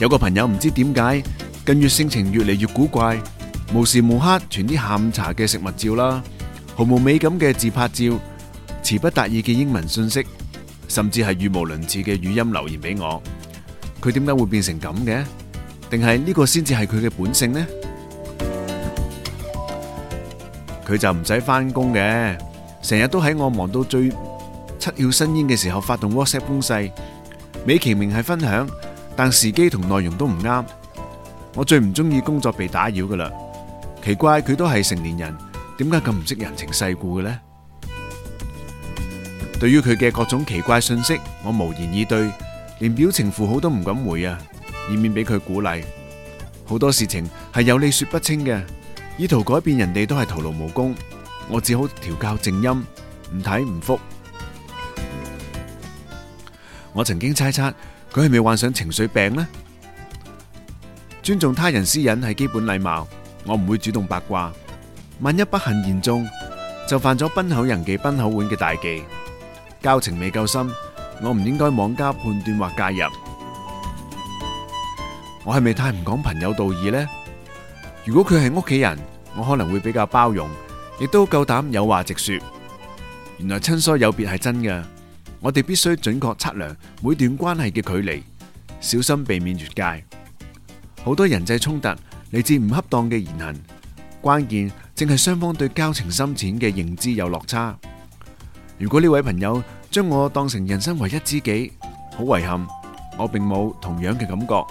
有個朋友唔知點解，近月性情越嚟越古怪，無時無刻傳啲下午茶嘅食物照啦，毫無美感嘅自拍照，詞不達意嘅英文訊息，甚至係語無倫次嘅語音留言俾我。佢點解會變成咁嘅？定係呢個先至係佢嘅本性呢？佢就唔使返工嘅，成日都喺我忙到最七竅生煙嘅時候發動 WhatsApp 攻勢，美其名係分享。但時機同內容都唔啱，我最唔中意工作被打擾㗎喇。奇怪，佢都係成年人，點解咁唔識人情世故嘅呢？對於佢嘅各種奇怪信息，我無言以對，連表情符號都唔敢回啊，以免俾佢鼓勵。好多事情係有理說不清嘅，意圖改變人哋都係徒勞無功。我只好調校靜音，唔睇唔覆。我曾經猜測。佢係咪患上情緒病呢？尊重他人私隱係基本禮貌，我唔會主動八卦。萬一不幸言中，就犯咗“崩口人忌，崩口碗”嘅大忌。交情未夠深，我唔應該妄加判斷或介入。我係咪太唔講朋友道義呢？如果佢係屋企人，我可能會比較包容，亦都夠膽有話直說。原來親疏有別係真嘅。我哋必須準確測量每段關係嘅距離，小心避免越界。好多人際衝突嚟自唔恰當嘅言行，關鍵正係雙方對交情深淺嘅認知有落差。如果呢位朋友將我當成人生唯一知己，好遺憾，我並冇同樣嘅感覺。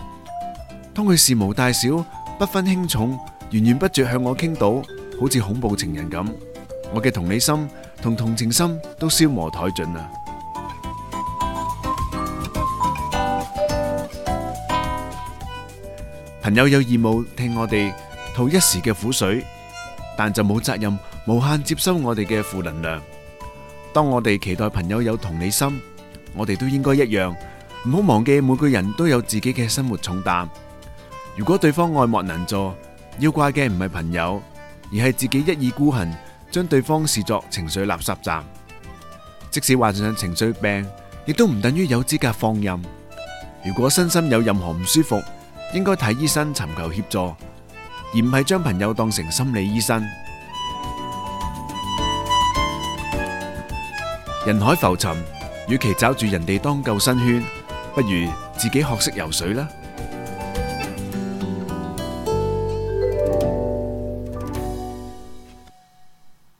當佢事無大小，不分輕重，源源不絕向我傾倒，好似恐怖情人咁，我嘅同理心同同情心都消磨殆盡啦。朋友有義務聽我哋吐一時嘅苦水，但就冇責任無限接收我哋嘅負能量。當我哋期待朋友有同理心，我哋都應該一樣，唔好忘記每個人都有自己嘅生活重擔。如果對方愛莫能助，要怪嘅唔係朋友，而係自己一意孤行，將對方視作情緒垃圾站。即使患上情緒病，亦都唔等於有資格放任。如果身心有任何唔舒服，應該睇醫生尋求協助，而唔係將朋友當成心理醫生。人海浮沉，與其找住人哋當救生圈，不如自己學識游水啦。